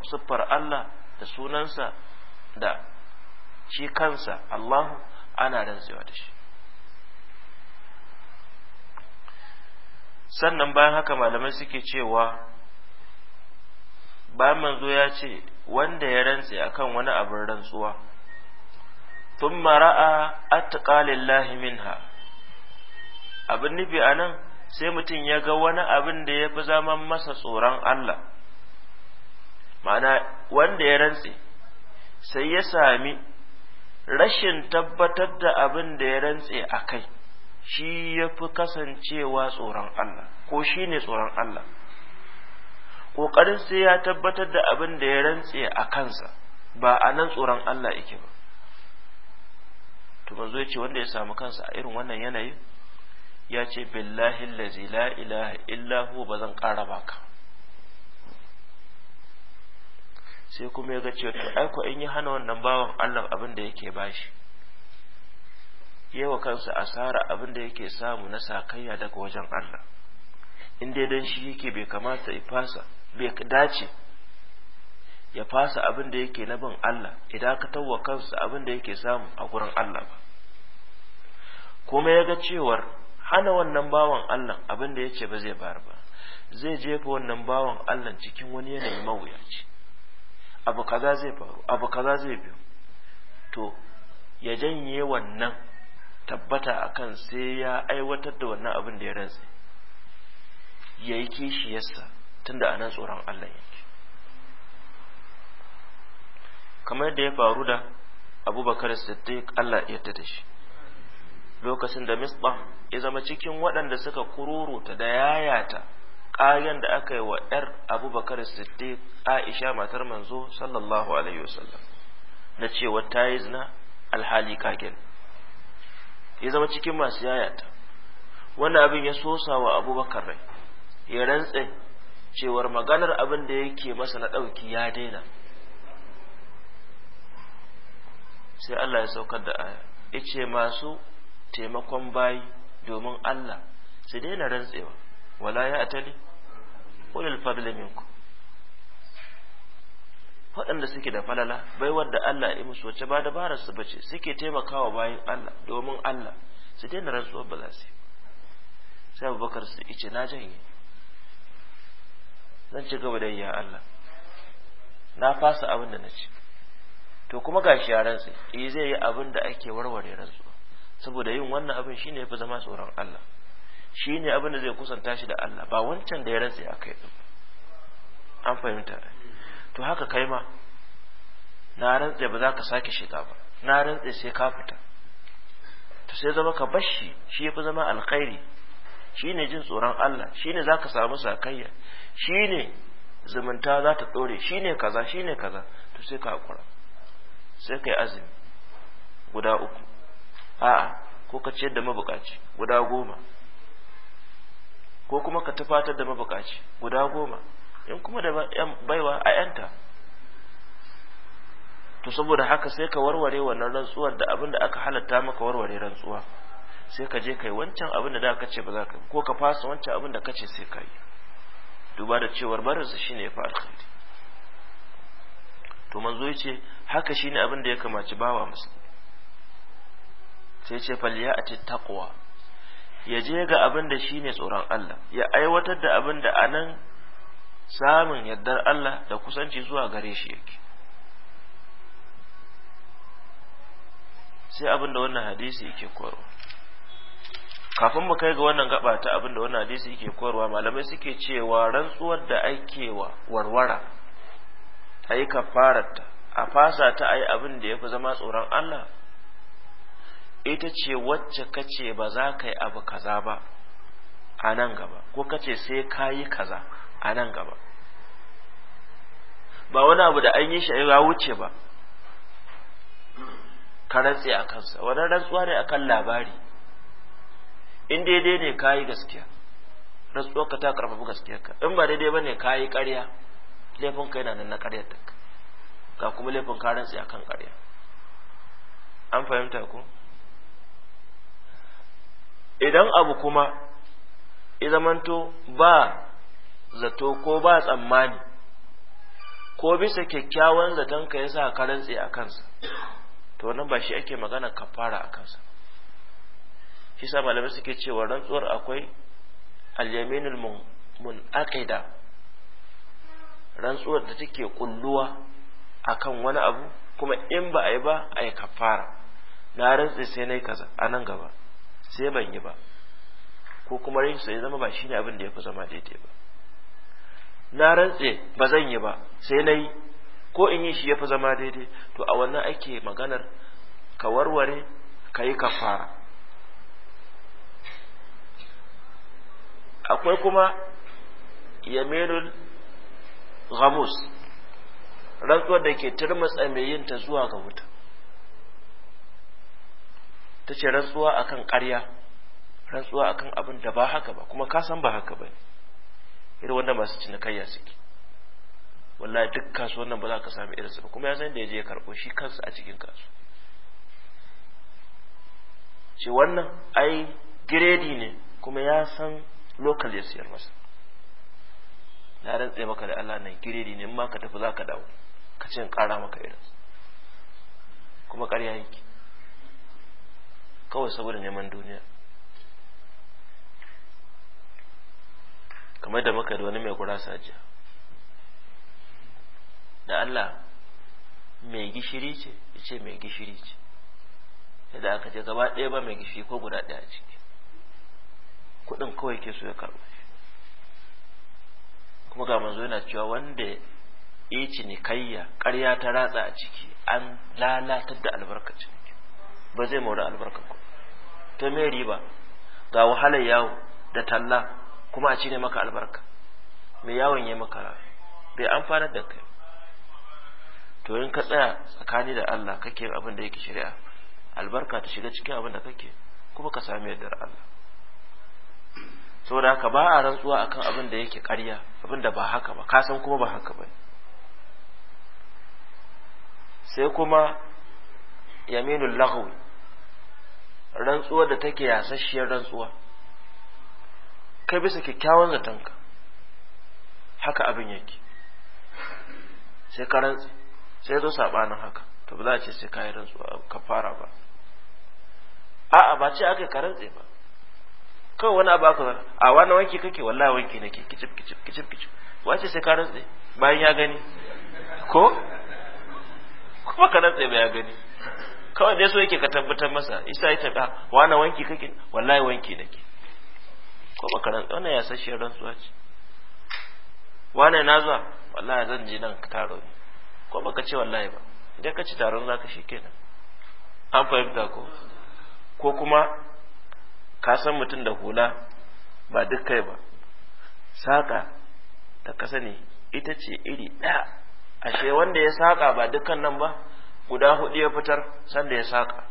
siffar Allah da sunansa da shi kansa Allahu ana rantsewa da shi sannan bayan haka malamai suke cewa ba manzo ya ce wanda ya rantse akan wani abin rantsuwa thumma ra'a atqalillahi minha abin nufi anan sai mutum ya ga wani abin da ya fi zaman masa tsoron Allah ma'ana wanda ya rantse sai ya sami rashin tabbatar da abin da ya rantse a kai shi ya fi kasancewa tsoron Allah ko shi ne tsoron Allah ƙoƙarin sai ya tabbatar da abin da ya rantse a kansa ba a nan tsoron Allah yake ba to manzo ce wanda ya samu kansa a irin wannan yanayin ya ce billahi lazi la ilaha illahu ba zan ƙara baka sai kuma ya ga cewa to aiko in yi hana wannan bawan Allah abin da yake bashi yawa kansa asara abin da yake samu na sakayya daga wajen Allah in dai dan shi yake bai kamata ya fasa bai dace ya fasa abin da yake na bin Allah idan ka tawwa kansa abin da yake samu a gurin Allah ba kuma ya ga cewar hana wannan bawan Allah abin da ya ba zai bar ba zai jefa wannan bawan Allah cikin wani yanayi mawuyaci abu kaza zai faru abu kaza zai biyu to ya janye wannan tabbata akan sai ya aiwatar da wannan abin da ya rantsi ya yi kishiyarsa tunda anan tsoron Allah yake kamar da ya faru da abubakar siddiq Allah ya da shi lokacin da misbah ya zama cikin waɗanda suka kururuta da yayata Kayan da aka yi wa ‘yar abubakar siddiq aisha matar manzo sallallahu alaihi wasallam na cewa ta yi zina alhali kagen ya zama cikin masu yayata wani abin ya sosa wa abubakar rai ya rantse cewar maganar abin da yake masa na ɗauki ya daina sai Allah ya saukar da aya ice masu taimakon bayi domin Allah su daina rantsewa wala ya atali ulil fadli minkum waɗanda suke da falala bai wadda Allah ya musu wace ba dabarar su bace suke taimakawa bayan Allah domin Allah su daina rantsuwar ba za su sai Abubakar su ice na janye zan ci gaba da ya Allah na fasa abin da na ci to kuma gashi ya rantsi eh zai yi abin da ake warware rantsuwa saboda yin wannan abin shine fi zama tsoron Allah shi ne abin da zai kusanta shi da Allah ba wancan da ya rantse a kai an fahimta to haka kai ma na rantse ba za ka sake shiga ba na rantse sai ka fita to sai zama ka bashi shi ya fi zama alkhairi shi ne jin tsoron Allah shi ne za ka samu sakayya shi ne zumunta za ta ɗore shi ne kaza shi ne kaza to sai ka haƙura sai ka yi azumi guda uku a'a ko ka ciyar da mabukaci guda goma ko kuma ka tufatar da mabukaci guda goma in kuma da baiwa a yanta to saboda haka sai ka warware wannan rantsuwar da abin da aka halatta maka warware rantsuwa sai ka je kai wancan abin da da ka ce ba za ka ko ka fasa wancan abin da ka ce sai ka yi duba da cewar barinsa shine ya fi alkhairi to manzo ya ce haka shine abin da ya kamaci bawa musu sai ce fal a ati taqwa ya je ga abin da shi ne tsoron Allah ya aiwatar da abin da a nan samun yardar Allah da kusanci zuwa gare shi yake sai abin da wannan hadisi yake koro kafin mu kai ga wannan gaba ta abin da wannan hadisi yake korwa malamai suke cewa rantsuwar da ake wa warwara ayi kafararta a fasa ta ayi abin da fi zama tsoron Allah ita ce wacce kace ba za ka yi abu kaza ba a nan gaba ko kace sai ka yi kaza a nan gaba ba wani abu da an yi shi ya wuce ba ka rantse a kansa wani rantsuwa ne akan labari in daidai ne ka yi gaskiya rantsuwar ka ta karfafa gaskiya ka in ba daidai ba ne ka yi ƙarya laifin ka yana nan na ƙaryar ta ka kuma laifin ka rantsi akan ƙarya an fahimta ko idan abu kuma izamanto ba zato ko ba tsammani ko bisa kyakkyawan zaton ka yasa ka rantse a kansa to wannan ba shi ake magana ka fara a kansa shi sa malamai suke cewa rantsuwar akwai al-yaminul munaqida rantsuwar da take kulluwa akan wani abu kuma in ba a yi ba a yi kafara na rantse sai na yi kaza a nan gaba sai ban yi ba ko kuma yin sai zama ba shine abin da fi zama daidai ba na rantse ba zan yi ba sai na yi ko in yi shi yafi zama daidai to a wannan ake maganar ka warware ka yi kafara akwai kuma yaminul ghamus rantsuwar da ke turmatsa mai yin ta zuwa ga wuta ta ce rantsuwa kan ƙarya rantsuwa a kan abin da ba haka ba kuma ka san ba haka ba irin wanda masu cinikayya suke wallahi duk kasuwan nan ba za ka sami irinsu ba kuma ya san da ya je ya karɓo shi kansa a cikin kasu ce wannan ai giredi ne kuma ya san lokal ya siyar masa na rantse maka da Allah nan giredi ne in ma ka tafi za ka dawo ka ce in ƙara maka irinsu kuma ƙarya yake kawai saboda neman duniya kamar da muka da wani mai gurasa jiya da Allah mai gishiri ce ya ce mai gishiri ce yadda aka je gaba ɗaya ba mai gishiri ko guda ɗaya ciki kuɗin kawai ke so ya karɓi kuma ga manzo yana cewa wanda ya ci nikayya ƙarya ta ratsa a ciki an lalatar da albarkacin ba zai mora albarka ku to me riba ga wahalar yawo da talla kuma a cire maka albarka me yawon ya maka bai amfana da kai to in ka tsaya tsakani da Allah kake abin da yake shari'a albarka ta shiga cikin abin da kake kuma ka sami yardar Allah saboda haka ba a rantsuwa akan abin da yake ƙarya abin da ba haka ba ka san kuma ba haka ba sai kuma yaminul lagwi rantsuwar da take yasasshiyar rantsuwa kai bisa kyakkyawan zatonka haka abin yake sai ka rantsi sai zo sabanin haka to ba za a ce sai ka yi rantsuwa ka fara ba a'a ba ce aka ka rantsi ba kawai wani abu aka a wani wanki kake wallahi wanki nake kicip kicip kicip kicip wace sai ka rantsi bayan ya gani ko kuma ka rantsi ba ya gani kawai dai so yake ka tabbatar masa isa ya taɓa wani wanki kake wallahi wanki nake ko makaranta wannan ya ran rantsuwa ce wani na zuwa wallahi zan je nan taro ne ko baka ce wallahi ba idan ka ci taron zaka shi kenan an fahimta ko ko kuma ka san mutum da hula ba duk kai ba saka ta kasa ne ita ce iri ɗaya ashe wanda ya saka ba dukkan nan ba guda hudu ya fitar sanda ya saka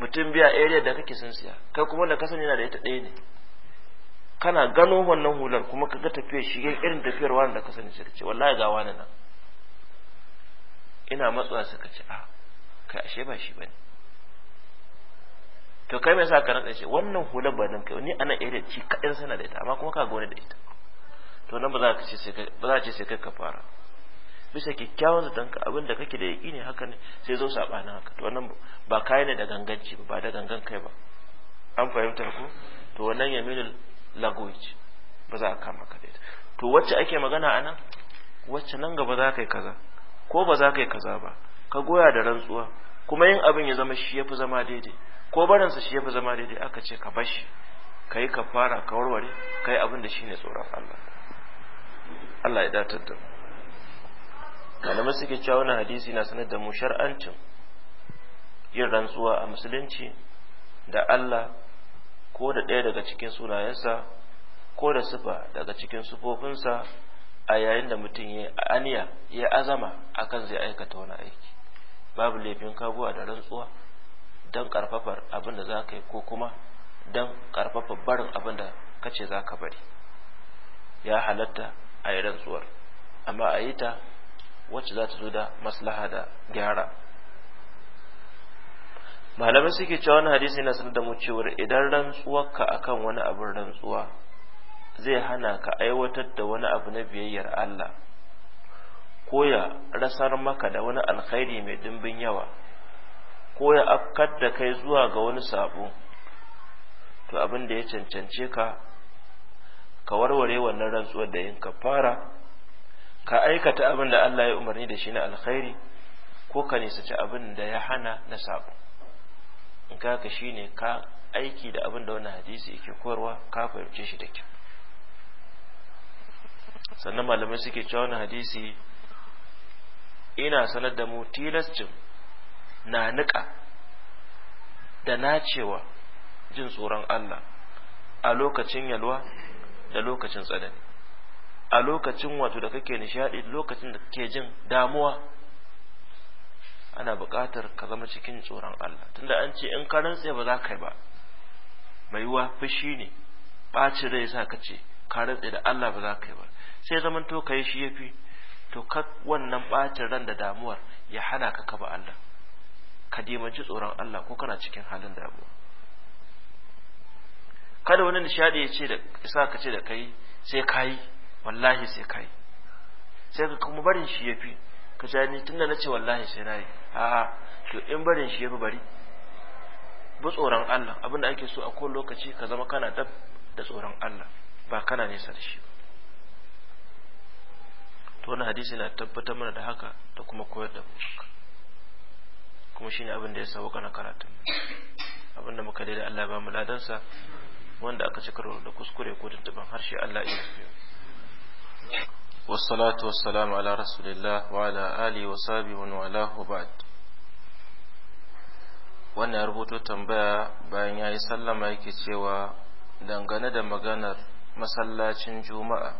mutum biya area da kake sun siya kai kuma da kasan yana da ita ɗaya ne kana gano wannan hular kuma ka ga tafiyar shi irin tafiyar wani da kasan sai ce wallahi ga wani nan ina matsuwa suka ce a ah, kai ashe ba shi bane to kai me yasa ka rantsa ce wannan hular ba nan kai ni ana area ci kaɗan sana da ita amma kuma ka gone da ita to nan ba za ka ce sai ba za ka ce sai kai ka fara bisa kyakkyawan zatonka abin da kake da yaƙi ne haka ne sai zo saɓanin haka to wannan ba kai ne da ganganci ba da gangan kai ba an fahimta ku to wannan yaminul language ba za a kama ka da to wacce ake magana a nan wacce nan gaba za ka yi kaza ko ba za ka yi kaza ba ka goya da rantsuwa kuma yin abin ya zama shi ya fi zama daidai ko barinsa shi ya fi zama daidai aka ce ka bashi ka yi ka fara ka warware ka yi abin da shi ne tsoron Allah Allah ya datar da mu malamai suke cewa wannan hadisi na sanar da mu shar'ancin yin rantsuwa a musulunci da Allah ko da ɗaya daga cikin sunayensa ko da sufa daga cikin sufofinsa a yayin da mutum ya aniya ya azama akan zai aikata wani aiki babu laifin kabuwa da rantsuwa don karfafar abin da za ka yi ko kuma don karfafar barin abin da kace za ka bari ya halatta a yi rantsuwar amma a yi ta wacce za ta zo da maslaha da gyara malamai suke cewa wani hadisi na sanar da mu cewar idan rantsuwarka akan wani abin rantsuwa zai hana ka aiwatar da wani abu na biyayyar Allah ko ya rasar maka da wani alkhairi mai dimbin yawa ko ya afkar da kai zuwa ga wani sabo to abin da ya cancance ka ka warware wannan rantsuwar da yin fara. ka aikata abin da Allah ya umarni da shi na alkhairi ko ka nisaci abin da ya hana na sabo in ka ka shine ka aiki da abin da wannan hadisi yake koyarwa ka fahimce shi da kyau sannan malamai suke cewa wannan hadisi ina sanar da mu tilascin na niƙa da nacewa jin tsoron Allah a lokacin yalwa da lokacin tsanani a lokacin wato da kake nishadi lokacin da kake jin damuwa ana buƙatar ka zama cikin tsoron Allah tunda an ce in ka rantse ba za ka yi ba mai yiwa fushi ne ɓacin rai sa ka ce ka rantse da Allah ba za ka yi ba sai zaman to ka yi shi yafi to ka wannan ɓacin ran da damuwar ya hana ka kaba Allah ka dimanci tsoron Allah ko kana cikin halin damuwa kada wani nishadi ya ce da isa ka ce da kai sai ka yi wallahi sai kai sai ka kuma barin shi yafi ka ja ni tunda nace wallahi sai nayi a to in barin shi yafi bari bu tsoron Allah abinda ake so a kowane lokaci ka zama kana dab da tsoron Allah ba kana nesa da shi to wannan hadisi na tabbatar mana da haka da kuma koyar da mu kuma shine abin da ya sauka na karatu abin da muka daidai Allah ba mu ladansa wanda aka ci karo da kuskure ko tuntuban harshe Allah ya yi والصلاة والسلام على رسول Ali wa sabi وصحبه وله بعد wannan ya tambaya bayan ya yi sallama yake cewa dangane da maganar masallacin juma'a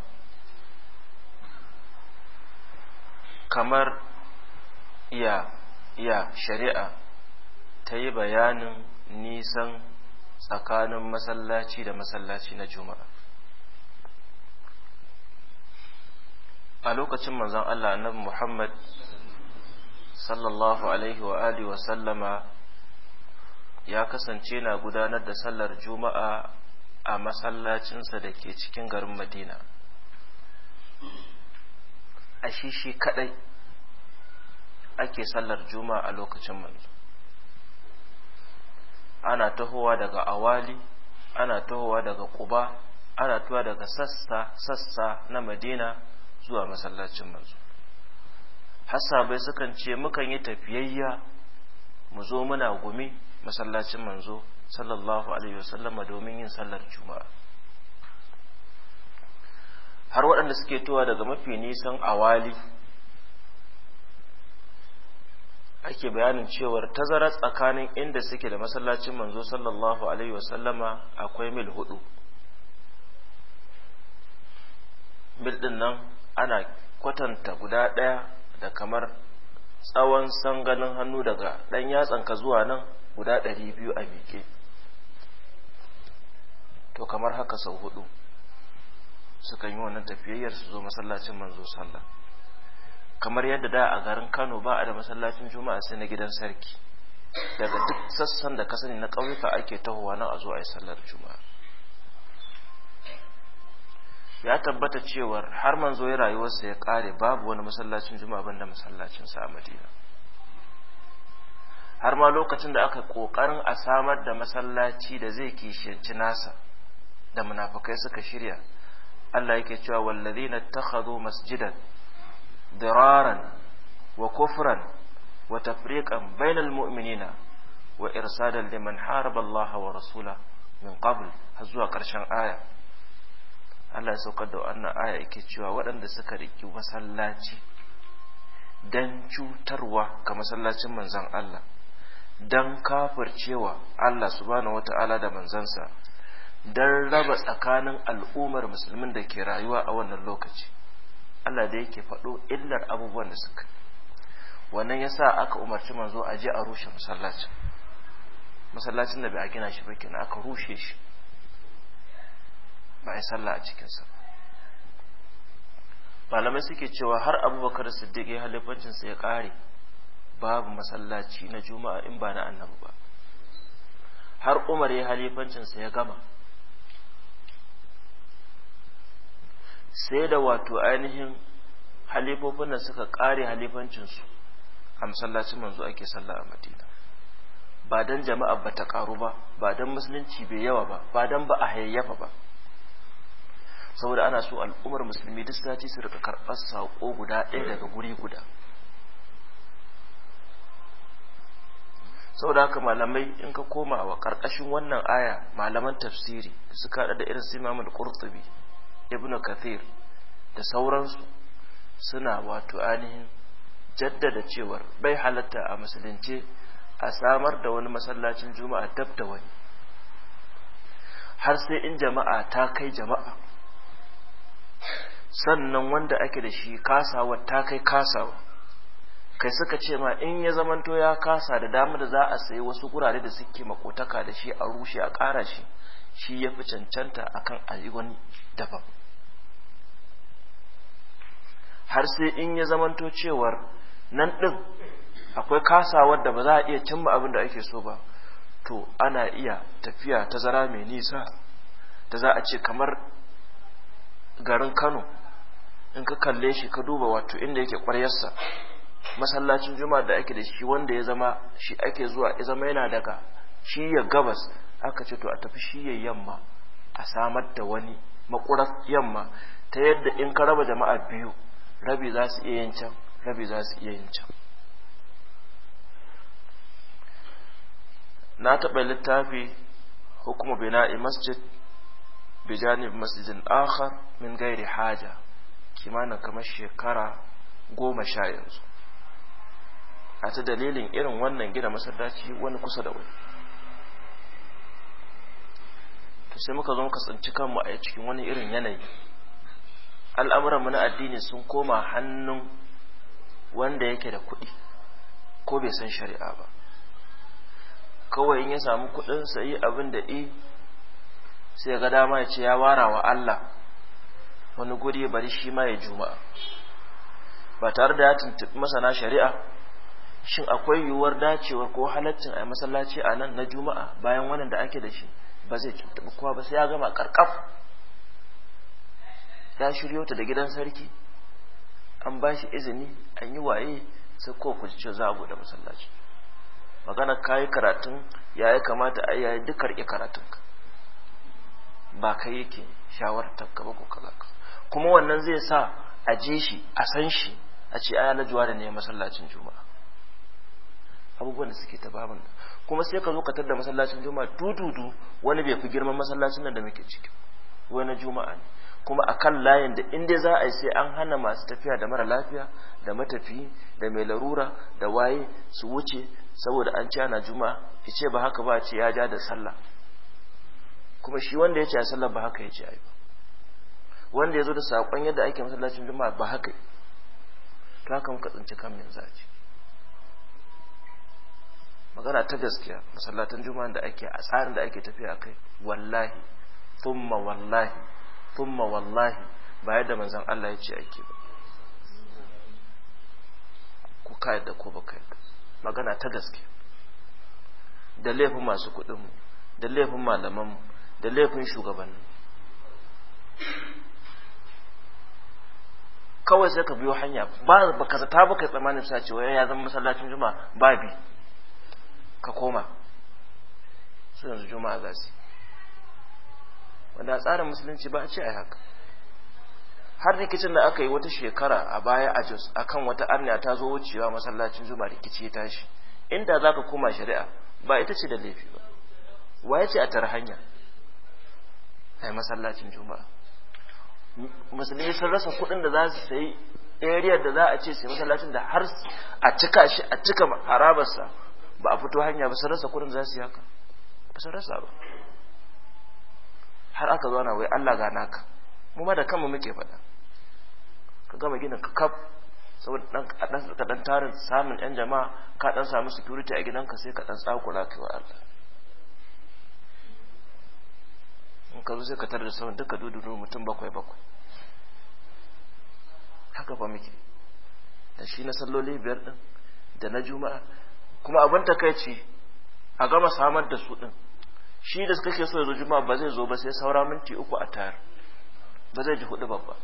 kamar ya ya shari'a ta yi bayanin nisan tsakanin masallaci da masallaci na juma'a a lokacin manzon Allah annabi Muhammad sallallahu alaihi wa alihi wa sallama ya kasance na gudanar da sallar juma'a a masallacinsa da ke cikin garin Madina a shi shi kadai ake sallar juma'a a lokacin manzo ana tahowa daga awali ana tahowa daga kuba ana tahowa daga sassa sassa na madina zuwa masallacin manzo hasabai sukan ce mukan yi tafiyayya mu zo muna gumi masallacin manzo sallallahu alaihi wasallama domin yin sallar juma'a har waɗanda suke tuwa daga mafi nisan awali ake bayanin cewar tazara tsakanin inda suke da masallacin manzo sallallahu alaihi wasallama akwai mil hudu mil din nan ana kwatanta guda ɗaya da kamar tsawon sanganin hannu daga ɗan yatsan ka zuwa nan guda ɗari biyu a miƙe to kamar haka sau hudu sukan yi wannan tafiyayyar su zo masallacin manzo sallah kamar yadda da a garin kano ba a da masallacin juma'a sai na gidan sarki daga duk sassan da ka sani na ƙauyuka ake tahowa nan a zo a yi sallar juma'a ya tabbata cewar har manzo ya rayuwarsa ya kare babu wani masallacin juma'a banda masallacin sa a madina har ma lokacin da aka kokarin a samar da masallaci da zai kishiyanci nasa da munafikai suka shirya Allah yake cewa wallazina takhadhu masjidan diraran wa kufran wa tafriqan bainal mu'minina wa irsadan liman haraba Allah wa rasula min qabl har zuwa ƙarshen aya Allah ya saukar da wannan aya yake cewa waɗanda suka riki masallaci dan cutarwa ga masallacin manzon Allah dan kafircewa Allah subhanahu wata'ala da manzansa dan raba tsakanin al'ummar musulmin da ke rayuwa a wannan lokaci Allah da yake faɗo illar abubuwan da suka wannan yasa aka umarci manzo a je a rushe masallacin masallacin da bai a gina shi ba kenan aka rushe shi ba a sallah a cikinsa malamai suke cewa har abubakar siddiq ya halifancinsa ya ƙare babu masallaci na juma'a in ba na annabi ba har umar ya halifancinsa ya gama sai da wato ainihin halifofin da suka ƙare halifancinsu a masallacin manzo ake sallah a madina ba don jama'a ba ta ƙaru ba ba don musulunci bai yawa ba ba don ba a hayayyafa ba saboda ana so al'ummar musulmi duk sati su rika karɓar saƙo guda ɗaya daga guri guda saboda haka malamai in ka koma wa ƙarƙashin wannan aya malaman tafsiri suka haɗa da irin su imam al-qurtubi ibn kathir da sauransu suna wato ainihin jaddada cewar bai halatta a musulunce a samar da wani masallacin juma'a dab da wani har sai in jama'a ta kai jama'a sannan wanda ake da shi kasawa ta kai kasawa kai suka ce ma in ya zamanto ya kasa da dama da za a sayi wasu gurare da suke makotaka da shi a rushe a ƙara shi shi ya fi cancanta akan kan wani daban har sai in ya zamanto cewar nan ɗin akwai kasawar da ba za a iya cimma abin da ake so ba to ana iya tafiya ta zara mai nisa da za a ce kamar garin kano in ka kalle shi ka duba wato inda yake kwaryarsa masallacin juma'a da ake da shi wanda ya zama shi ake zuwa ya zama yana daga shi ya gabas aka ce to a tafi shi yamma a samar da wani makurar yamma ta yadda in ka raba jama'a biyu rabi za su iya yin can rabi za su iya yin can na taɓa littafi hukuma bina'i masjid bijanib masjidin akhar min gairi haja kimanin kamar shekara goma sha yanzu a ta dalilin irin wannan gina masallaci wani kusa da wani to sai muka zo muka tsinci kanmu a cikin wani irin yanayi al'amuran mu na addini sun koma hannun wanda yake da kuɗi ko bai san shari'a ba kawai in ya samu kuɗin sayi abin da i sai ga dama ya ce ya wara wa Allah wani guri bari shi ma ya juma'a ba tare da ya tuntuɓi masana shari'a shin akwai yiwuwar dacewa ko halaccin a masallaci a nan na juma'a bayan wannan da ake da shi ba zai tuntuɓi kowa ba sai ya gama karkaf ya shiryo ta da gidan sarki an ba shi izini an yi waye sai ko ku ce za a buɗe masallaci magana yi karatun ya kamata a yayi duk karatunka ba kai yake shawarar tafka ba ko kaza kuma wannan zai sa a je shi a san shi a ce aya juwa da ne masallacin juma'a abubuwan da suke ta babin kuma sai ka zo ka tada masallacin juma'a dududu wani bai fi girman masallacin nan da muke ciki wani juma'a ne kuma a kan layin da inda za a yi sai an hana masu tafiya da mara lafiya da matafi da mai larura da waye su wuce saboda an ce ana juma'a ki ce ba haka ba ce ya ja da sallah kuma shi wanda ya ce a sallar ba haka ya ce ayi wanda ya zo da saƙon yadda ake masallacin juma'a ba haka to haka muka tsinci kan min zaci magana ta gaskiya masallatan juma'a da ake a tsarin da ake tafiya kai wallahi thumma wallahi thumma wallahi ba yadda manzon Allah ya ce ake ba ku kai da ko baka magana ta gaskiya da laifin masu kuɗinmu mu da laifin malaman mu da laifin shugaban kawai sai ka biyo hanya ba ka zata ba kai tsammanin sa cewa ya zama masallacin juma'a ba bi ka koma sai yanzu juma'a za su wanda a tsarin musulunci ba a ce a haka har rikicin da aka yi wata shekara a baya a jos a kan wata arna ta zo wucewa masallacin juma'a rikici ya tashi inda za ka koma shari'a ba ita ce da laifi ba wa ya ce a tara hanya a masallacin juma'a musulmi sun rasa kuɗin da za su sayi area da za a ce sai masallacin da har a cika shi a cika harabarsa ba a fito hanya ba sun rasa kuɗin za su yi haka ba sun rasa ba har aka zo na wai Allah ga naka mu ma da kanmu muke faɗa ka gama ginin ka kaf saboda dan ka dan tarin samun yan jama'a ka dan samu security a gidanka sai ka dan tsakura kai wa Allah in ka zo zai katar da sauran duka dudu mutum bakwai bakwai haka ba muke da shi na salloli biyar din da na juma'a kuma abin takaici a gama samar da su din shi da ke so yanzu juma'a ba zai zo ba sai saura minti uku a tayar ba zai ji hudu babba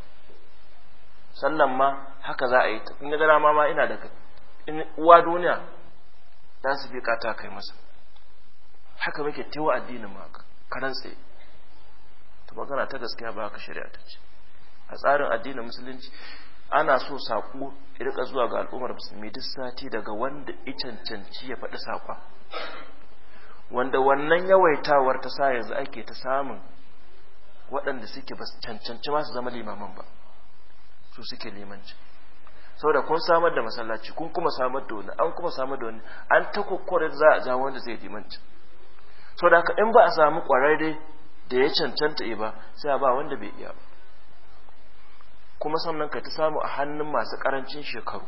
sannan ma haka za a yi ta ga dara ma ina da uwa duniya za su fi kata kai masa haka muke tewa addinin ma karantse to magana ta gaskiya ba ka shari'a ta ce a tsarin addinin musulunci ana so saƙo irka zuwa ga al'ummar musulmi duk sati daga wanda canci ya faɗi saƙon wanda wannan yawaitawar ta sa yanzu ake ta samun waɗanda suke ba cancanci ma su zama limaman ba su suke limanci saboda kun samar da masallaci kun kuma samar da wani an kuma samar da wani an ta kokore za a ja wanda zai limanci saboda haka in ba a samu ƙwararre da ya cancanta ba sai a ba wanda bai iya ba kuma sannan ka ta samu a hannun masu karancin shekaru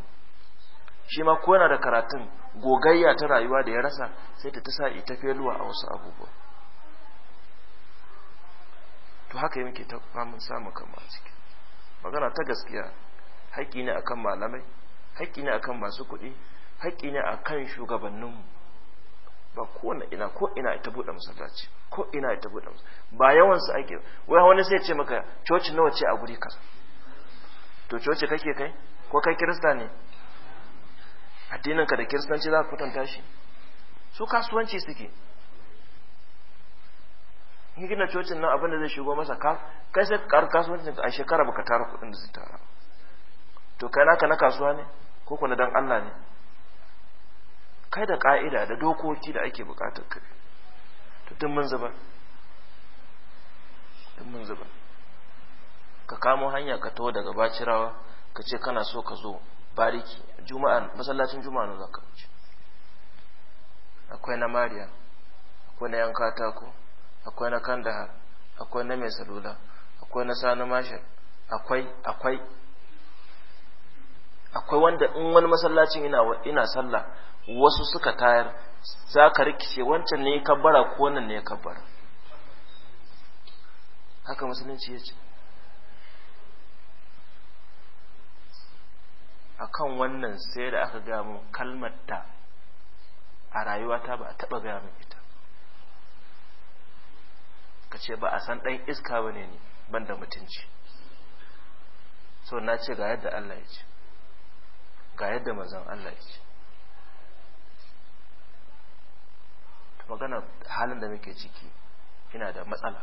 shi ma ko yana da karatun gogayya ta rayuwa da ya rasa sai ta tasa ita feluwa a wasu abubuwa to haka yi muke ta famin samun kama ciki magana ta gaskiya haƙƙi ne akan malamai haƙƙi ne akan masu kuɗi haƙƙi ne akan shugabanninmu ba kowane ina ko ina ta buɗe masallaci ko ina ta buɗe ba yawan su ake wai wani sai ce maka coci nawa ce a guri kaza to coci kake kai ko kai kirista ne addinin ka da kiristanci za ka kwatanta shi su kasuwanci suke in gina cocin nan abin da zai shigo masa kai sai ka kasuwanci a shekara baka tara kuɗin da zai tara to kai naka na kasuwa ne ko kuna dan Allah ne kai da ƙa'ida da dokoki da ake buƙatar kai duk mun zuba duk mun zuba ka kamo hanya ka taho daga bacirawa ka ce kana so ka zo bariki juma'a masallacin juma'a na zaka wuce akwai na mariya akwai na yanka tako akwai na kandahar akwai na mai salula akwai na sani mashal akwai akwai akwai wanda in wani masallacin ina ina sallah wasu suka tayar za ka rikice wancan ne ya kabbara ko wannan ne ya kabbara haka musulunci ya ce a kan wannan sai da aka gamu kalmar da a rayuwata ba a taɓa gaya min ita ka ce ba a san ɗan iska ba ne ni ban da mutunci so na ce ga yadda Allah ya ce ga yadda mazan Allah ya ce magana halin da muke ciki ina da matsala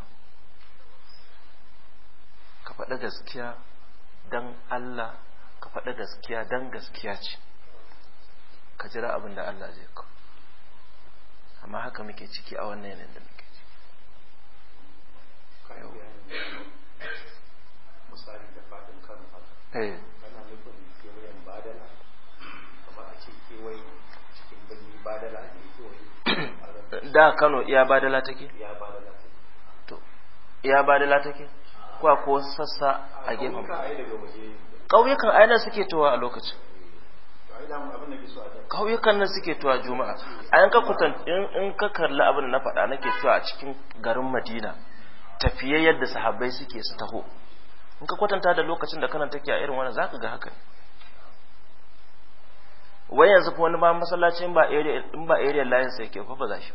ka faɗa gaskiya don Allah ka faɗa gaskiya don gaskiya ce ka jira abin da Allah zai ka amma haka muke ciki a wannan yanayin da muke ciki misali da faɗin kano haka eh. kana nufin kewayen badala kamar a ce kewayen cikin birni badala da Kano iya badala take to iya badala take ko ko sassa a gefen ƙauyukan aina suke towa a lokacin eh, ƙauyukan nan suke tuwa juma'a a yanka kutan in ka kalli abin na faɗa nake tuwa a cikin garin madina tafiye yadda sahabbai suke su taho in ka kwatanta da lokacin da kanan take a irin wannan zaka ga haka wai yanzu fa wani ma masallacin ba area in ba area layin sai ke fa ba za shi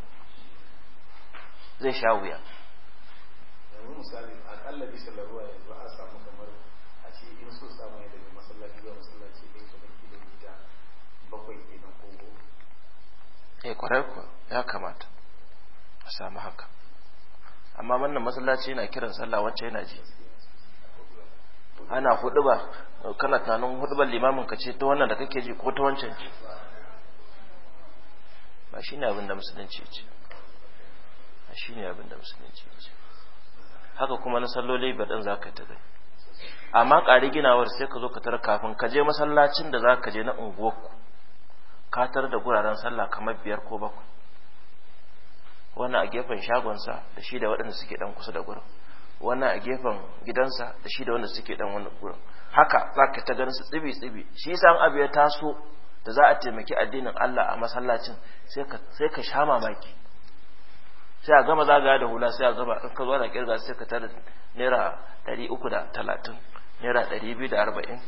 zai sha wuya ya eh, ya kamata a samu haka amma wannan masallaci yana kiran sallah wacce yana ji ana hudu ba kana tanin hudu limamin ka ce ta wannan da kake ji ko ta wancan ba shi ne abin da musulunci ce ne abin da musulunci ce, haka kuma na salloli baɗin za ka tabi amma ƙari ginawar sai ka zo ka tara kafin ka je masallacin da za ka je na unguwarku ka tar da guraren sallah kamar biyar ko bakwai wannan a gefen shagonsa da shi da waɗanda suke ɗan kusa da gurin wannan a gefen gidansa da shi da wanda suke ɗan wani gurin haka za ka ta ganin su tsibi tsibi shi yasa abu ya taso da za a taimaki addinin Allah a masallacin sai ka sha mamaki sai a gama zagaya da hula sai a zuba in ka zo ana kirga sai ka tara naira ɗari uku da talatin naira ɗari biyu da arba'in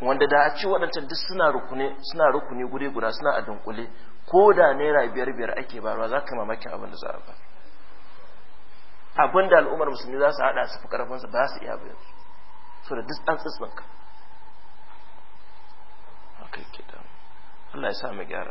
wanda da a ci waɗancan duk suna rukuni suna rukuni guri guda suna a dunkule ko da naira biyar biyar ake ba za ka mamaki abin da za a ba abin da al'ummar musulmi za su haɗa su fi ƙarfinsu ba su iya bayan so da duk an tsitsinka Allah ya sa mu gyara